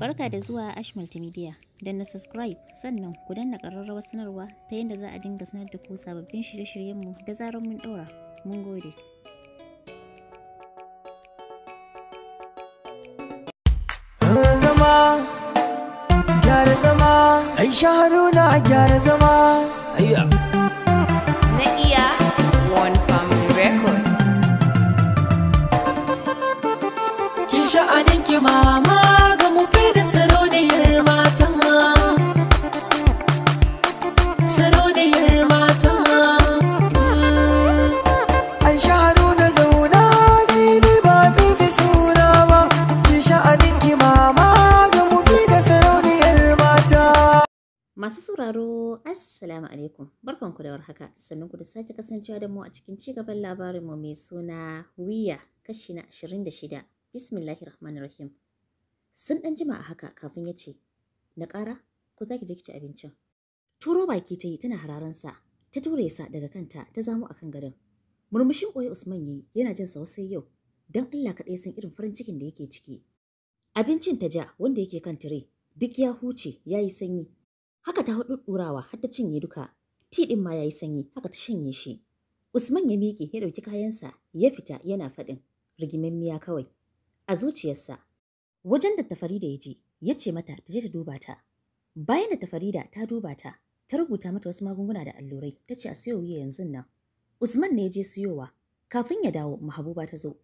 Barka da zuwa Ash Multimedia. Don na subscribe sannan ku danna ƙararrawar sanarwa ta yadda za a dinga sanar da ku sababbin shirye-shiryenmu da zarar mun ɗora. Mun gode. Aisha Haruna gyara zama. Ayya. Na iya One Family Record. Kin mama. sarauniyar mata sarauniyar mata an shaharu zauna ni ba biki suna ba ki sha'anin ki mama ga mubi da sarauniyar mata masu sauraro assalamu alaikum barkanku da warhaka sannan ku da sake kasancewa da mu a cikin cigaban labarinmu mai suna wiya kashi na 26 bismillahir rahmanir rahim Sun ɗan jima a haka kafin ya ce, Na ƙara, ko za ki je ki ci abincin. Turo baki ta yi tana hararansa, ta ture sa daga kanta ta zamo a kan gadon. Murmushin ɓoye Usman yayi yana jin wasai yau, don Allah kaɗai san irin farin cikin da yake ciki. Abincin ta ja wanda yake kan tire, duk ya huce ya yi sanyi. Haka ta haɗuɗɗurawa har ta cinye duka, ti ɗin ma ya yi sanyi haka ta shanye shi. Usman ya miƙe ya ɗauki kayansa ya fita yana faɗin rigimammiya kawai. A zuciyarsa Wajen da Tafarida ya je, ya ce mata ta je ta duba ta. Bayan da Tafarida ta duba ta, ta rubuta mata wasu magunguna da allurai, ta ce a siyo wuya yanzu nan. Usman ne ya je siyowa, kafin ya dawo mahabuba ta zo.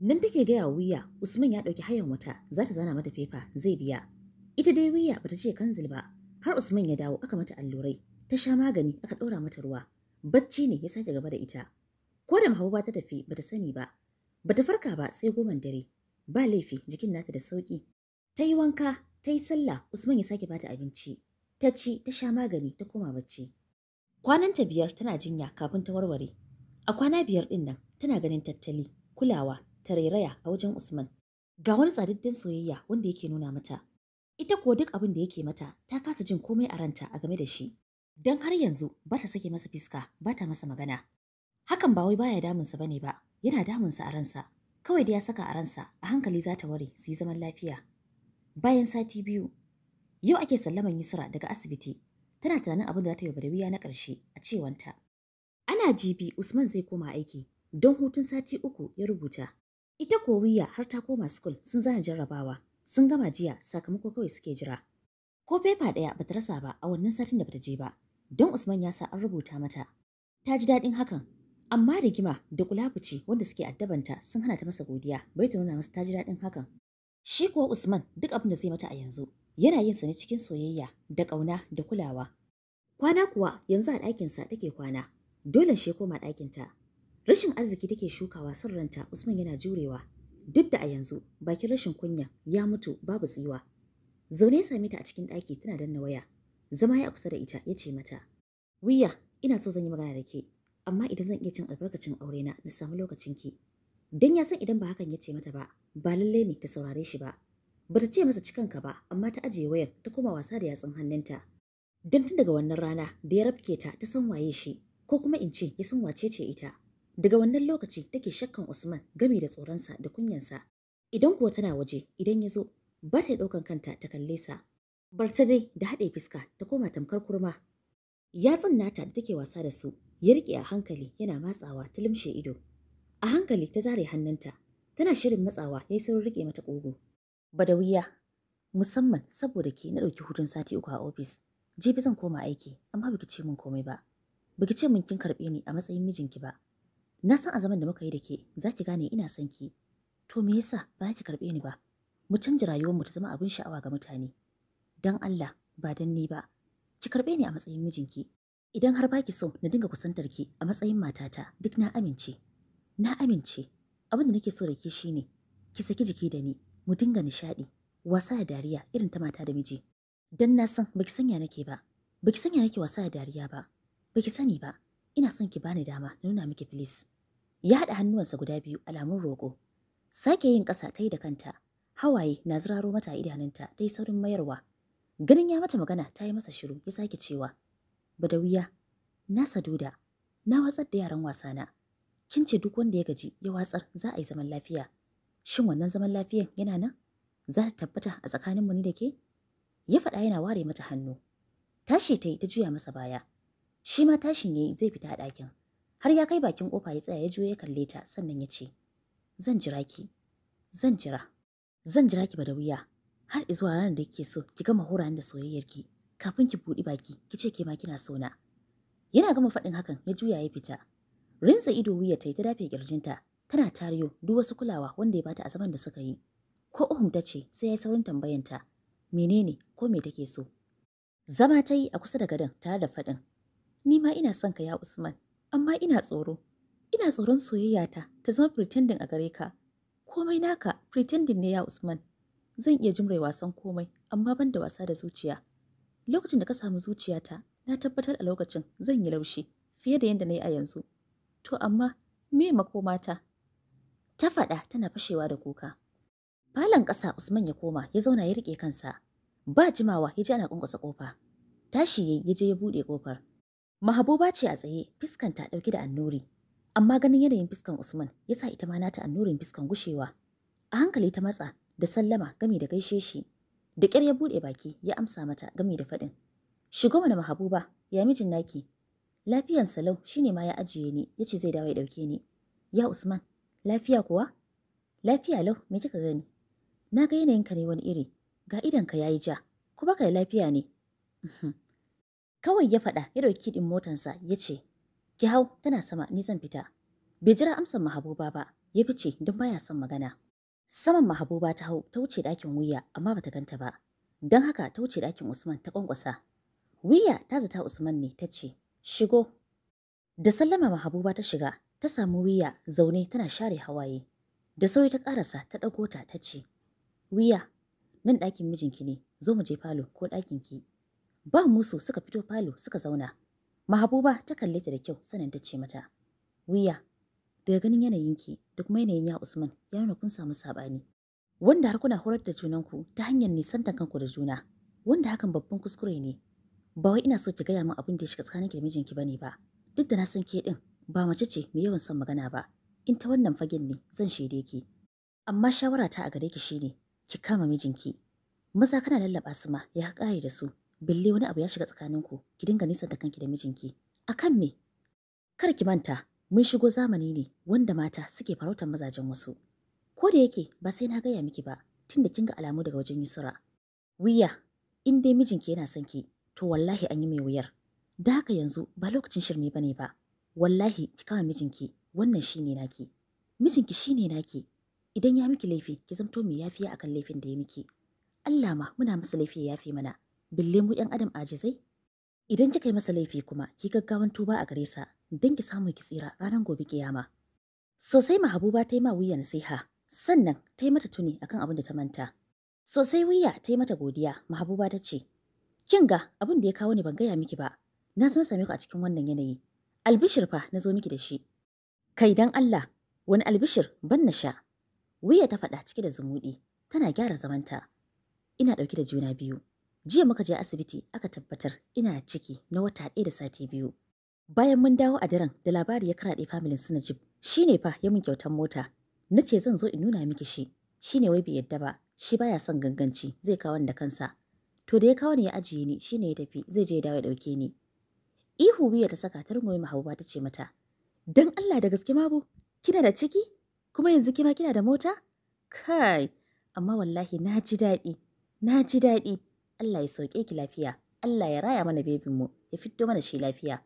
Nan take gaya wuya, Usman ya ɗauki hayan wata, za ta zana mata fefa, zai biya. Ita dai wuya bata ce kanzil ba, har Usman ya dawo aka mata allurai, ta sha magani aka ɗora mata ruwa. Bacci ne ya sake gaba da ita. Ko da mahabuba ta tafi bata sani ba, bata farka ba sai goman dare. Ba laifi jikin nata da sauki. Ta yi wanka, ta yi sallah, Usman ya sake bata abinci. Ta ci, ta sha magani, ta koma bacci. Kwananta biyar tana jinya kafin ta warware. A kwana biyar ɗinnan nan tana ganin tattali, kulawa, ta rairaya a wajen Usman. Ga wani tsadaddin soyayya wanda yake nuna mata. Ita kuwa duk abin da yake mata ta kasa jin komai a ranta a game da shi. Don har yanzu ba ta sake masa fiska, ba ta masa magana. Hakan ba wai baya damunsa bane ba, yana damunsa a ransa. Kawai da ya saka a ransa, a hankali za ta ware su yi zaman lafiya. Bayan sati biyu, yau ake sallaman Yusra daga asibiti. Tana tunanin abin da za ta yi badawiya na ƙarshe a cewanta. Ana jibi Usman zai koma aiki don hutun sati uku ya rubuta. Ita ko wuya har ta koma school sun zana jarrabawa. Sun gama jiya sakamako kawai suke jira. Ko fefa ɗaya bata rasa ba a wannan satin da bata je ba. Don Usman ya sa an rubuta mata. Ta ji daɗin hakan Amma rigima da kulafuci wanda suke addabanta sun hana ta masa godiya, bai ta nuna masa ta ji daɗin hakan. Shi kuwa Usman duk abin da zai mata a yanzu, yana yin sa ne cikin soyayya da ƙauna da kulawa. Kwana kuwa yanzu a sa take kwana, dole shi koma ɗakin ta Rashin arziki take shukawa son ranta Usman yana jurewa, duk da a yanzu bakin rashin kunya ya mutu babu tsiwa. Zaune ya same ta a cikin ɗaki tana danna waya, zama ya kusa da ita ya ce mata, Wiya, ina so zan yi magana da ke. amma idan zan iya cin albarkacin aure na na samu lokacin ki dan ya san idan ba hakan ya ce mata ba ba lalle ne ta saurare shi ba bata ce masa ka ba amma ta ajiye wayar ta koma wasa da yatsun hannunta dan tun daga wannan rana da ya rafke ta ta san waye shi ko kuma in ce ya san wace ce ita daga wannan lokaci take shakkan Usman gami da tsoronsa da kunyansa idan kuwa tana waje idan ya zo ba ta ɗaukan kanta ta kalle sa bar ta dai da haɗe fiska ta koma tamkar kurma yatsun nata da take wasa da su ya riƙe a hankali yana matsawa ta limshe ido. A hankali ta zare hannunta, tana shirin matsawa ya yi saurin riƙe mata ƙugu. wuya musamman saboda ke na ɗauki hutun sati uku a ofis. Jibi zan koma aiki, amma baki ce min komai ba. Baki ce min kin karɓe ni a matsayin mijinki ba. Na san a zaman da muka yi da ke, za ki gane ina son ki. To me yasa ba ki karɓe ni ba? Mu canja mu ta zama abin sha'awa ga mutane. Dan Allah, ba dan ni ba. Ki karɓe ni a matsayin mijinki. Idan har baki so na dinga kusantar ki a matsayin matata duk na amince. Na amince. Abin da nake so da ke shine ki saki jiki da ni mu dinga nishaɗi wasa da dariya irin ta mata da miji. Dan na san baki sanya nake ba. Baki sanya nake wasa da dariya ba. Baki sani ba. Ina son ki bani dama nuna miki filis. Ya haɗa hannuwansa guda biyu alamun roƙo. Sake yin ƙasa ta yi da kanta. Hawaye na ziraro mata idanunta ta yi saurin mayarwa. Ganin ya mata magana ta yi masa shiru ya sake cewa. Badawiya, na saduda, na watsar da yaran wasana. Kin ce duk wanda ya gaji ya watsar za a yi zaman lafiya. Shin wannan zaman lafiyan yana nan? Za ta tabbata a mu ni da ke? Ya faɗa yana ware mata hannu. Tashi ta yi ta juya masa baya. Shi ma tashin ya yi zai fita a ɗakin. Har ya kai bakin kofa ya tsaya ya juya ya kalle ta sannan ya ce, Zan jira ki, zan jira, zan jira ki badawiya har izuwa ranar da kike so ki gama horan da soyayyar ki. kafin ki buɗe baki ki ce ke ma kina so na yana gama faɗin hakan ya juya ya fita rinsa ido wuya ta yi ta dafe kirjinta tana tariyo duk wasu kulawa wanda ya bata a zaman da suka yi ko uhum ta ce sai ya yi saurin tambayanta menene ko me take so zama ta yi a kusa da gadon tare da faɗin ni ma ina son ka ya usman amma ina tsoro ina tsoron soyayyata ta zama pretending a gare ka komai naka pretending ne ya usman zan iya jimre wasan komai amma ban da wasa da zuciya Lokacin da ka samu zuciyata, na tabbatar a lokacin zan yi laushi fiye da yadda na yi a yanzu. To amma me makomata? Ta faɗa tana fashewa da kuka. Falon ƙasa Usman ya koma ya zauna ya riƙe kansa. Ba jimawa ya ji ana ƙunƙusa ƙofa. Tashi yayi ya je ya buɗe ƙofar. Mahabuba ce a tsaye ta ɗauke da annuri. Amma ganin yanayin fiskan Usman ya sa ita ma nata annurin fiskan gushewa. A hankali ta matsa da sallama gami da gaishe shi. Da ƙyar ya buɗe baki ya amsa mata gami da faɗin. Shigo mana mahabuba, ya mijin naki. Lafiyan salau shine ma ya ajiye ni, ya ce zai dawo ya dauke ni. Ya Usman, lafiya kuwa? Lafiya lau, me kika gani? Na ga yanayinka ne wani iri, ga idonka ya yi ja, ko baka da lafiya ne? Uhm. Kawai ya faɗa ya ɗauki ɗin motansa ya ce, Ki hau tana sama ni zan fita. Bai jira amsar mahabuba ba, ya fice don baya son magana. Saman mahabuba ta hau ta wuce ɗakin wuya amma bata ganta ba. Don haka ta wuce ɗakin Usman ta kwankwasa. Wuya ta zata Usman ne ta ce, Shigo. Da sallama mahabuba ta shiga, ta samu wuya zaune tana share hawaye. Da sauri ta ƙarasa ta ɗago ta ta ce, Wuya, nan ɗakin mijinki ne, zo mu je falo ko ɗakin ki. Ba musu suka fito falo suka zauna. Mahabuba ta kalle ta da kyau sanin ta ce mata, Wuya, Daga ganin yanayinki da kuma yanayin ya Usman ya nuna kun samu saɓani. Wanda har kuna horar da junanku ta hanyar nisantar kanku da juna. Wanda hakan babban kuskure ne. Ba wai ina so ki gaya min abin da ya shiga tsakaninki da mijinki bane ba. Duk da na san ke din ba mace ce mai yawan son magana ba. In ta wannan fagen ne zan shaide ki. Amma shawara ta a gare ki shine ki kama mijinki. Maza kana lallaba su ma ya kare da su. Bille wani abu ya shiga tsakaninku ki dinga nisanta kanki da mijinki. Akan me? Kar ki manta Mun shigo zamani ne wanda mata suke farautar mazajen wasu. Ko da yake ba sai na gaya miki ba, tun da kin ga alamu daga wajen Yusra. Wiya, in dai mijinki yana son ki, to wallahi an yi mai wuyar. Da haka yanzu ba lokacin shirme bane ba. Wallahi ki kama mijinki, wannan shine naki. Mijinki shine naki. Idan ya miki laifi, ki zamto mai yafiya akan laifin da ya miki. Allah ma muna masa laifi ya yafi mana. Bille mu 'yan adam ajizai? Idan kika yi masa laifi kuma, ki gaggawan tuba a gare sa, don ki samu ki tsira ranar gobe kiyama. Sosai mahabuba ta yi ma wuya nasiha, sannan ta yi mata tuni akan abin da ta manta. Sosai wuya ta yi mata godiya, mahabuba ta ce, Kin ga abin da ya kawo ni ban gaya miki ba, na zo same ku a cikin wannan yanayi. Albishir fa na zo miki da shi. Kai dan Allah, wani albishir ban na sha. Wuya ta faɗa cike da zumuɗi, tana gyara zamanta. Ina ɗauke da juna biyu. Jiya muka je asibiti aka tabbatar ina ciki na wata ɗaya da sati biyu. Bayan mun dawo a daren da labari ya karaɗe familin su Najib, shi ne fa ya mun kyautar mota. Na ce zan zo in nuna miki shi, shi ne wai bai yadda ba, shi baya son ganganci zai kawo da kansa. To da ya kawo ni ya ajiye ni shi ne ya tafi zai je ya dawo ya ɗauke ni. Ihu biya ta saka ta rungume mahabuba ta ce mata, Don Allah da gaske mabu, kina da ciki? Kuma yanzu kima kina da mota? Kai, amma wallahi na ji daɗi, na ji daɗi. Allah ya sauke ki lafiya, Allah ya raya mana bebinmu, ya fito mana shi lafiya.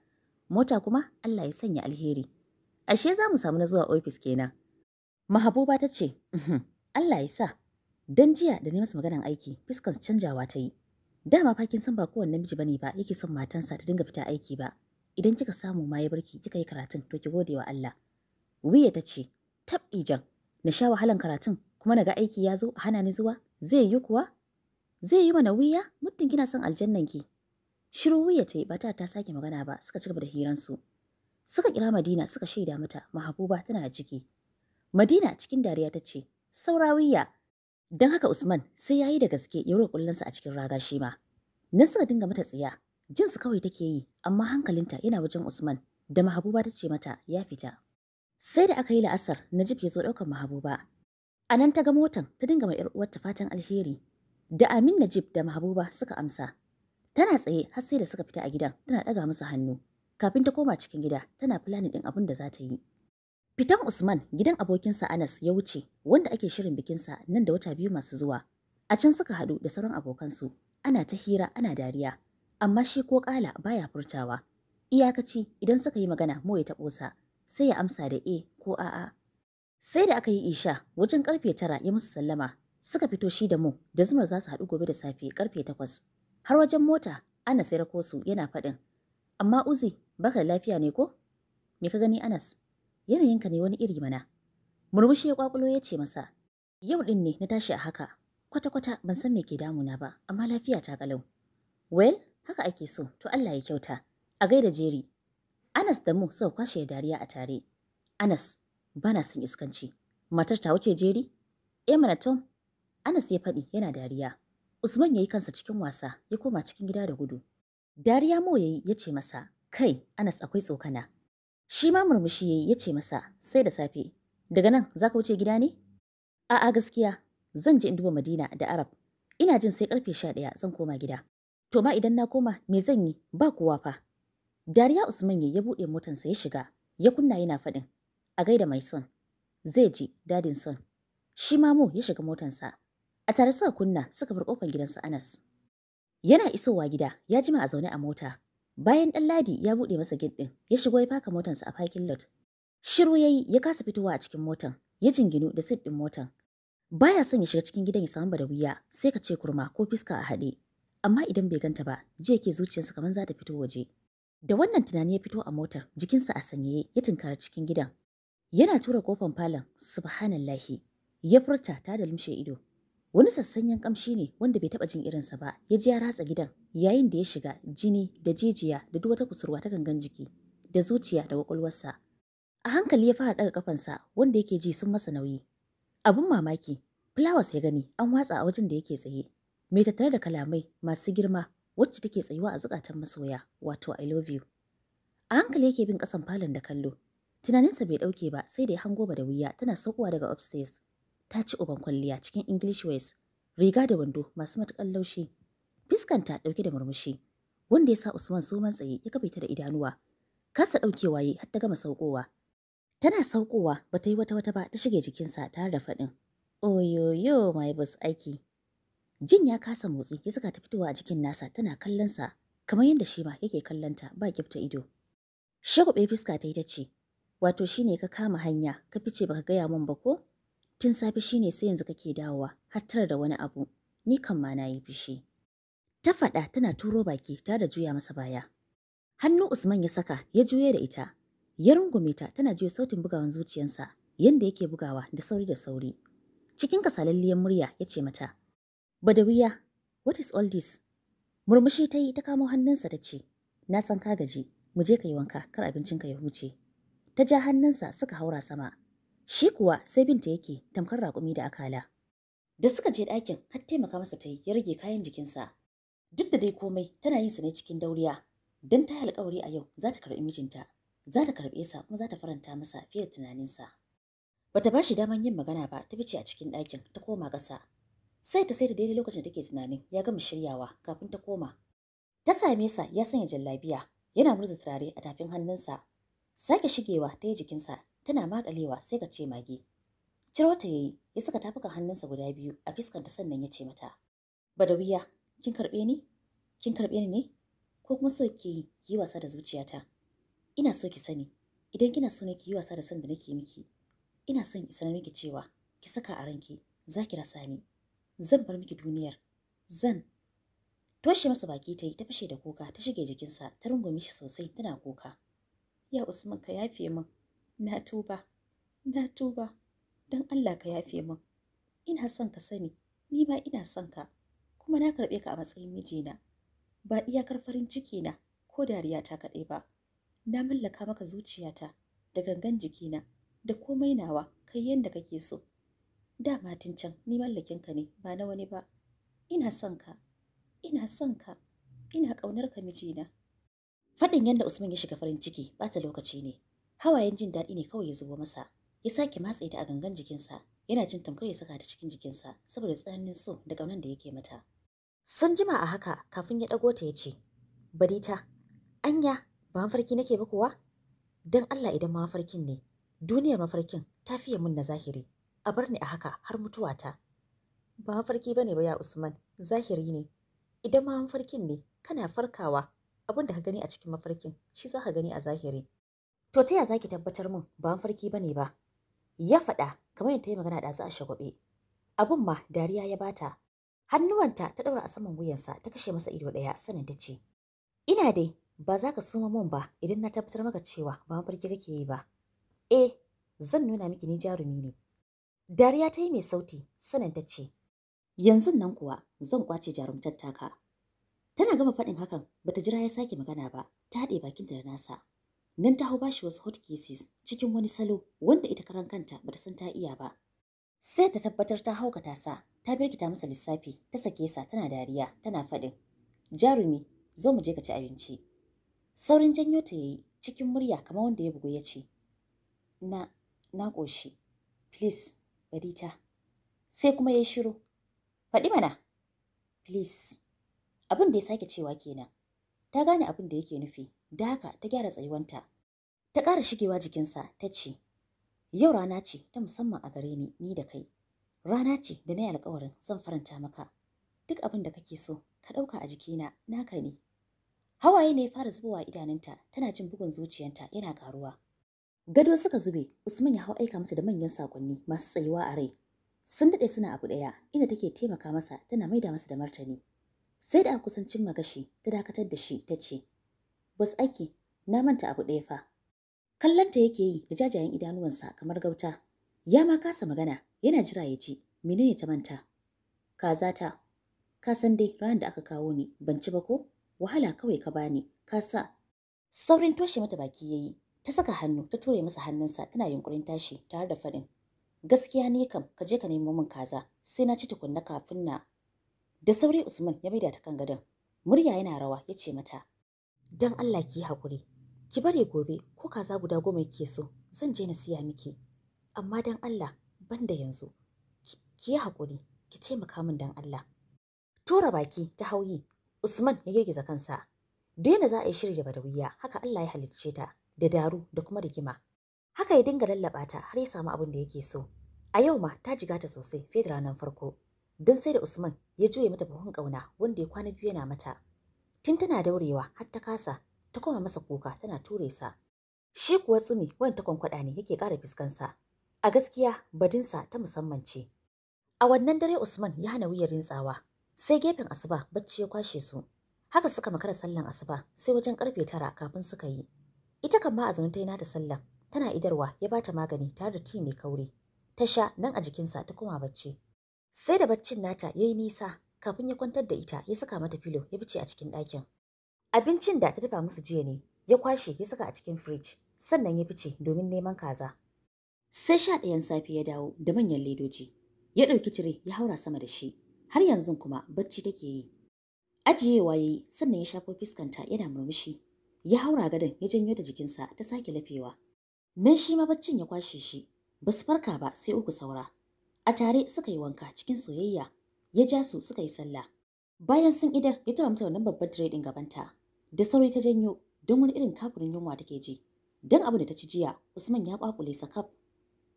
mota kuma Allah ya sanya alheri. Ashe za mu samu na zuwa ofis kenan. Mahabuba ta ce, uhm, Allah ya sa, don jiya da masa maganan aiki fuskan canjawa ta yi. Dama fa kin san ba kowanne namiji bane ba yake son matansa ta dinga fita aiki ba. Idan kika samu ma ya barki kika yi karatun to ki gode wa Allah. Wiya ta ce, tab ijan, na sha wahalan karatun kuma na ga aiki ya zo a hana ni zuwa zai yi kuwa? Zai yi mana wiya muddin kina son aljannan ki Shiru wuya ta yi ba ta sake magana ba suka ci gaba da hiransu. Suka kira Madina suka shaida mata mahabuba tana jiki. Madina cikin dariya ta ce, Saura wuya. Don haka Usman sai ya yi da gaske ya roƙi kullansa a cikin raga shi ma. Nan suka dinga mata tsiya, jinsu kawai take yi, amma hankalinta yana wajen Usman da mahabuba ta ce mata ya fita. Sai da aka yi la'asar, Najib ya zo ɗaukar mahabuba. A nan ta ga motan ta dinga ma uwarta fatan alheri. Da Amin Najib da mahabuba suka amsa, Tana tsaye har sai da suka fita a gidan tana ɗaga musu hannu. Kafin ta koma cikin gida tana fulani ɗin abin da za ta yi. Fitan Usman gidan abokinsa Anas ya wuce wanda ake shirin bikinsa nan da wata biyu masu zuwa. A can suka haɗu da sauran abokansu ana ta hira ana dariya amma shi ko ƙala baya furtawa. Iyakaci idan suka yi magana mo ya taɓo sa sai ya amsa da e ko a'a. Sai da aka yi isha wajen karfe tara ya musu sallama suka fito shi da mu da zumar za su haɗu gobe da safe karfe takwas har wajen mota Anas ya rako su yana faɗin. Amma Uzi, baka lafiya ne ko? Me ka gani Anas? Yanayin ka ne wani iri mana. Murmushi ya kwakulo ya ce masa, Yau ɗin ne na tashi a haka, kwata-kwata ban san me ke damu na ba, amma lafiya ta kalau. Well, haka ake so, to Allah ya kyauta. A gaida jeri. Anas da mu suka kwashe dariya a tare. Anas, bana son iskanci. Matar ta wuce jeri? Eh mana Tom. Anas ya faɗi yana dariya. Usman ya yi kansa cikin wasa ya koma cikin gida da gudu. Dariya mo ya yi ya ce masa, Kai, Anas akwai tsokana. Shi ma murmushi ya yi ya ce masa, Sai da safe, daga nan za ka wuce gida ne? A'a gaskiya, zan je in duba Madina da Arab. Ina jin sai karfe sha ɗaya zan koma gida. To ma idan na koma me zan yi ba kowa fa. Dariya Usman ya buɗe motansa ya shiga, ya kunna yana faɗin. A gaida mai son, zai ji dadin son. Shi ma mo ya shiga motansa. A tare suka kunna suka bar kofar gidansu Anas. Yana isowa gida ya jima a zaune a mota. Bayan ɗan ladi ya buɗe masa gate ɗin ya shigo ya faka motarsa a parking lot. Shiru yayi ya kasa fitowa a cikin motan ya jinginu da sit ɗin motan. Baya son ya shiga cikin gidan ya samu wuya, sai ka ce kurma ko fiska a haɗe. Amma idan bai ganta ba ji yake zuciyarsa kamar za ta fito waje. Da wannan tunani ya fito a motar jikinsa a sanyaye ya tunkara cikin gidan. Yana tura kofan falon subhanallahi ya furta ta da lumshe ido Wani sassanyan kamshi ne wanda bai taba jin irinsa ba, ya ji ya ratsa gidan yayin da ya shiga jini da jijiya da duk wata kusurwa ta gangan jiki da zuciya da kwakwalwarsa. A hankali ya fara daga kafansa wanda yake ji sun masa nauyi. abun mamaki, Flowers ya gani an watsa a wajen da yake tsaye, mai tattare da kalamai masu girma wacce take tsayuwa a zukatan masoya, wato I love you. A hankali yake bin kasan falon da kallo. Tunaninsa bai dauke ba sai da ya hango ba da wuya tana saukowa daga upstairs ta ci uban kwalliya cikin English ways, riga da wando masu matuƙar laushi. Fiskanta ɗauke da murmushi, wanda ya sa Usman soman tsaye ya kafa ta da idanuwa. Kasa ɗaukewa waye har ta gama saukowa. Tana saukowa ba ta yi wata wata ba ta shige jikinsa tare da faɗin. Oyoyo my boss aiki. Jin ya kasa motsi ya saka ta fitowa a jikin nasa tana kallon sa kamar yadda shi ma yake kallon ba kifta ido. Shagwabe fuska ta yi ta ce, wato shine ka kama hanya ka fice baka gaya mun ba ko? Tun safe shine sai yanzu kake dawowa har tara da wani abu. Ni kan ma na yi fishi. Ta faɗa tana turo baki tare da juya masa baya. Hannu Usman ya saka ya juye da ita. Ya rungume ta tana juya sautin bugawan zuciyarsa yanda yake bugawa da sauri da sauri. Cikin kasalalliyar murya ya ce mata, Badawiya, what is all this? Murmushi ta yi ta kamo hannunsa ta ce, Na san ka gaji, mu je ka yi wanka kar abincinka ya huce. Ta ja hannunsa suka haura sama. Shi kuwa sai binta yake tamkar rakumi da akala. Da suka je ɗakin har taimaka masa ta ya rage kayan jikinsa. Duk da dai komai tana yin sa ne cikin dauriya don ta yi alkawari a yau za ta karɓi mijinta. Za ta karɓe sa kuma za ta faranta masa fiye da tunaninsa. Bata ba shi daman yin magana ba ta fice a cikin ɗakin ta koma ƙasa. Sai ta sai da daidai lokacin da take tunanin ya gama shiryawa kafin ta koma. Ta same sa ya sanya jallabiya yana murza turare a tafin hannunsa. Sake shigewa ta yi jikinsa tana makalewa sai ka ce mage ciro ta yayi ya saka tafukan hannunsa guda biyu a fiskanta sannan ya ce mata badawiya kin karbe ni kin karɓe ni ne ko kuma so ki yi wasa da zuciyata ina so ki sani idan kina so ne ki yi wasa da san da nake miki ina son ki miki cewa ki saka a ranki za ki rasa ni zan bar miki duniyar zan toshe masa baki ta yi ta fashe da kuka ta shige jikinsa ta rungume shi sosai tana kuka ya usman ka yafe min na tuba na tuba don Allah ka yafe min ina son ka sani ni ma ina son ka kuma na karɓe ka a matsayin mijina ba iyakar farin ciki na ko dariya ta kaɗai ba na mallaka maka zuciyata da gangan jikina da komai nawa kai yadda kake so da matin can ni mallakin ka ne ba na wani ba ina son ka ina son ka ina ƙaunar ka mijina faɗin yadda usman ya shiga farin ciki ta lokaci ne Hawayen jin daɗi ne kawai ya zubo masa. Ya sake matse ta a gangan jikinsa, yana jin tamkar ya saka ta cikin jikinsa saboda tsananin so da ƙaunar da yake mata. Sun jima a haka kafin ya ɗago ta ya ce, Barita, anya ba mafarki nake ba kuwa? Don Allah idan mafarkin ne, duniyar mafarkin ta fiye mun na zahiri, a bar ni a haka har mutuwa ta Ba mafarki ba ne ba ya Usman, zahiri ne. Idan ma mafarkin ne, kana farkawa abin da ka gani a cikin mafarkin shi za ka gani a zahiri To ta ya zaki tabbatar min ba farki bane ba? Ya faɗa kamar yadda ta yi magana ɗazu a shagwabe. Abun ma dariya ya bata. Hannuwanta ta ɗaura a saman wuyansa ta kashe masa ido ɗaya sanin ta ce, Ina dai ba za ka suma mun ba idan na tabbatar maka cewa ba farki kake yi ba. Eh, zan nuna miki ni jarumi ne. Dariya ta yi mai sauti sanin ta ce, Yanzu nan kuwa zan kwace jarumtar taka. Tana gama faɗin hakan bata jira ya sake magana ba, ta haɗe bakinta da nasa. nan ta hau bashi wasu hot cases cikin wani salo wanda ita karan kanta bata san ta iya ba sai ta tabbatar ta haukata sa ta birkita masa lissafi ta sake sa tana dariya tana faɗin jarumi zo mu je ka ci abinci saurin janyo ta yayi cikin murya kamar wanda ya bugu ya ce na na ƙoshi please bari ta sai kuma yayi shiru faɗi mana please abin da ya sake cewa kenan ta gane abin da yake nufi Daka ta gyara tsayuwanta. Ta ƙara shigewa jikinsa ta ce, Yau rana ce ta musamman a gare ni ni da kai. Rana ce da na yi alkawarin zan faranta maka. Duk abin da kake so ka ɗauka a jikina naka ne. Hawaye ne fara fara zubowa idanunta tana jin bugun zuciyanta yana ƙaruwa. Gado suka zube, Usman ya hau aika mata da manyan sakonni masu tsayuwa a rai. Sun daɗe suna abu ɗaya inda take taimaka masa tana maida masa da martani. Sai da a kusancin magashi ta dakatar da shi ta ce, wasu ake? na manta abu ɗaya fa kallonta yake yi da jajayen idanuwansa kamar gauta ya ma kasa magana yana jira ya ji menene ta manta kaza ta ka san dai ranar da aka kawo ni ban ci ba ko wahala kawai ka bani ka sa saurin toshe mata baki yayi ta saka hannu ta ture masa hannunsa tana yunkurin tashi tare da faɗin gaskiya ne kam ka je ka nemo min kaza sai na ci tukunna kafin na da sauri usman ya bai maida ta kan gadon murya yana rawa ya ce mata don Allah ki hakuri, ki bari gobe ko kaza guda goma ke so zan je na siya miki amma don Allah banda yanzu ki yi hakuri, ki taimaka min don Allah tura baki ta hauyi Usman ya girgiza kansa daina za a yi shirya badawiya haka Allah ya halicce ta da daru da kuma rigima haka ya dinga lallaba ta har ya samu abin da yake so a yau ma ta jiga ta sosai fiye da ranar farko don sai da Usman ya juye mata buhun ƙauna wanda ya kwana biyu yana mata Tun tana daurewa har ta kasa, ta koma masa kuka tana ture sa. Shi kuwa tsumi wani ta kwankwaɗa ne yake ƙara fiskansa. A gaskiya badinsa ta musamman ce. A wannan dare Usman ya hana wuyar rintsawa, sai gefen asuba bacci ya kwashe su. Haka suka makara sallan asuba sai wajen karfe tara kafin suka yi. Ita kan ma a zaune ta nata sallan, tana idarwa ya bata magani tare da ti mai kauri. Ta sha nan a jikinsa ta koma bacci. Sai da baccin nata ya yi nisa kafin ya kwantar da ita ya saka mata filo ya fice a cikin ɗakin. Abincin da ta dafa musu jiya ne ya kwashe ya saka a cikin firij sannan ya fice domin neman kaza. Sai sha ɗayan safe ya dawo da manyan ledoji. Ya ɗauki tire ya haura sama da shi har yanzu kuma bacci take yi. Ajiyewa ya yi sannan ya shafo fiskanta yana murmushi. Ya haura gadon ya janyo da jikinsa ta sake lafewa. Nan shi ma baccin ya kwashe shi. Ba su farka ba sai uku saura. A tare suka yi wanka cikin soyayya ya ja su suka yi sallah. Bayan sun idar ya tura mata wannan babbar tire din gabanta. Da sauri ta janyo don wani irin kafurin yunwa take ji. Don abu da ta ci jiya Usman ya kwakule kaf.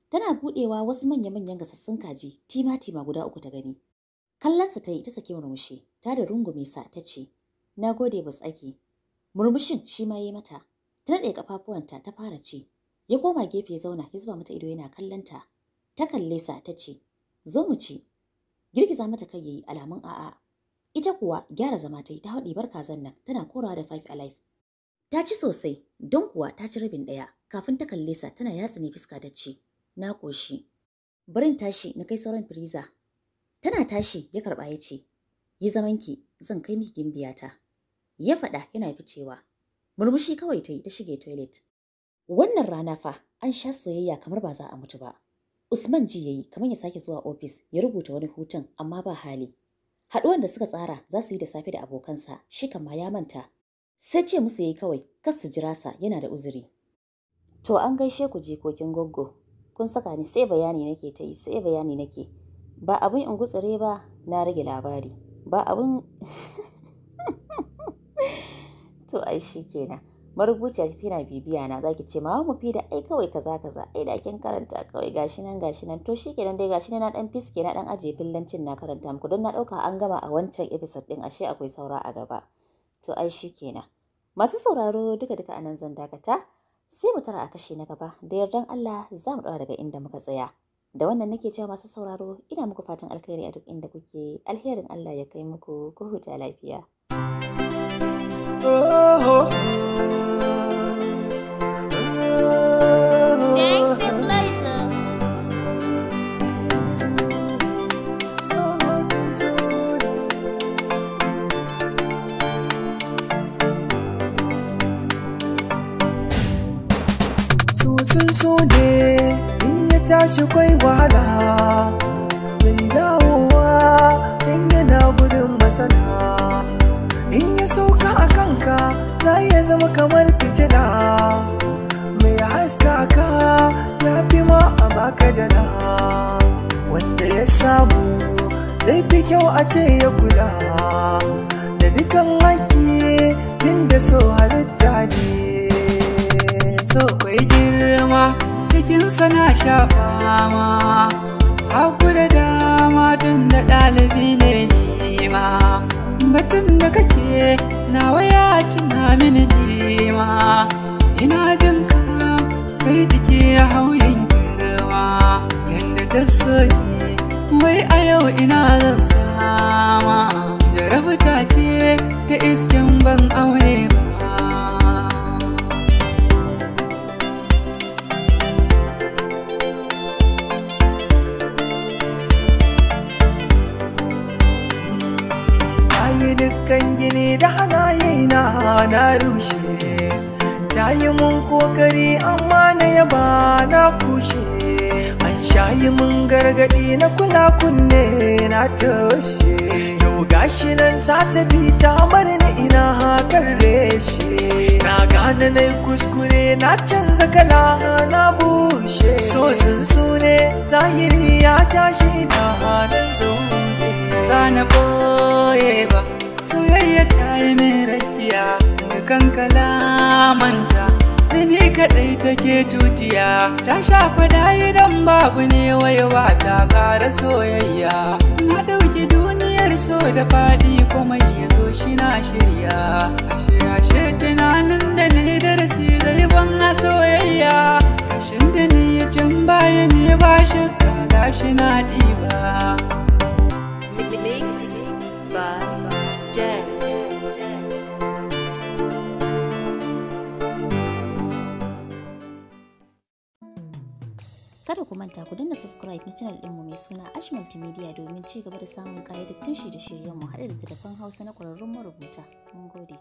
Tana budewa wasu manya-manyan gasassun kaji tima-tima guda uku ta gani. Kallonsa ta yi ta saki murmushi ta da rungume sa ta ce na gode ba tsaki. Murmushin shi ma yi mata. Ta naɗe kafafuwanta ta fara ce ya koma gefe ya zauna ya zuba mata ido yana kallonta. Ta kalle sa ta ce zo mu ci girgiza mata kai yayi alamun a'a ita kuwa gyara zama ta yi ta haɗi barka kazan nan tana korawa da five alive ta ci sosai don kuwa ta ci rabin ɗaya kafin ta kalle sa tana yatsa ne fuska da ce na ƙoshi barin tashi na kai sauran firiza tana tashi ya karɓa ya ce yi zamanki zan kai miki gimbiya ta. ya faɗa yana ficewa murmushi kawai ta yi ta shige toilet wannan rana fa an sha soyayya kamar ba za a mutu ba Usman ji yayi kamar ya sake zuwa ofis ya rubuta wani hutun amma ba hali. Haɗuwan da suka tsara za su yi da safe da abokansa shi kama ya manta. Sai ce musu yayi kawai kar su jira sa yana da uzuri. To an gaishe ku jikokin goggo. Kun saka ni sai bayani nake ta yi sai bayani nake. Ba abin in gutsure ba na rage labari. Ba abin To ai shi kenan. marubuciya ce tana bibiya na zaki ce ma mu fi da ai kawai kaza kaza ai da kin karanta kawai gashi nan gashi nan to shikenan dai gashi nan na dan fiske na dan aje fillancin na karanta muku don na dauka an gama a wancan episode din ashe akwai saura a gaba to ai shikenan masu sauraro duka duka anan zan dakata sai mu tara a kashe na gaba da yardan Allah za mu daura daga inda muka tsaya da wannan nake cewa masu sauraro ina muku fatan alkhairi a duk inda kuke alherin Allah ya kai muku ku huta lafiya sun so ne in ya tashi kwai wahala bai dawowa in yana gudun matsala ka za ya zama kamar fitila mai haska ka ya fi ma a baka da na wanda ya samu zai fi kyau a ce ya kula da dukan haƙi da so halitta ne so kai girma cikin sana sha fama haku da dama tun da ɗalibi ne ma batun da kake nawa ya tuna mini nema ina jin ka sai jiki ya hauyin girma yadda ta soyi wai a yau ina zan sama jarabta ce ta iskin ban aure ba na yi mun kokari amma na yaba na kushe an shayi mun gargadi na kula kunne na toshe yau gashi nan ta tafi ta bar na ina hakar reshe na gane na kuskure na canza kala na bushe so sun ne zahiri ya tashi na hannun zaune za na boye ba soyayya ta yi min rakiya kankala manta Tuni kaɗai take tutiya Ta shafa dayi don babu ne waiwa ta ƙara soyayya Na ɗauki duniyar so da faɗi kuma ya zo shi na shirya Ashe ashe tunanin da ne darasi zai ban a soyayya Ashin da ne ya can baya ne ba shakka gashi na ɗiba Mix by Jack. ku manta ku danna subscribe na channel ɗinmu mai suna Ash Multimedia domin ci gaba da samun ƙayyadattun shirye-shiryenmu haɗe da telefon Hausa na ƙwararrun marubuta. Mun gode.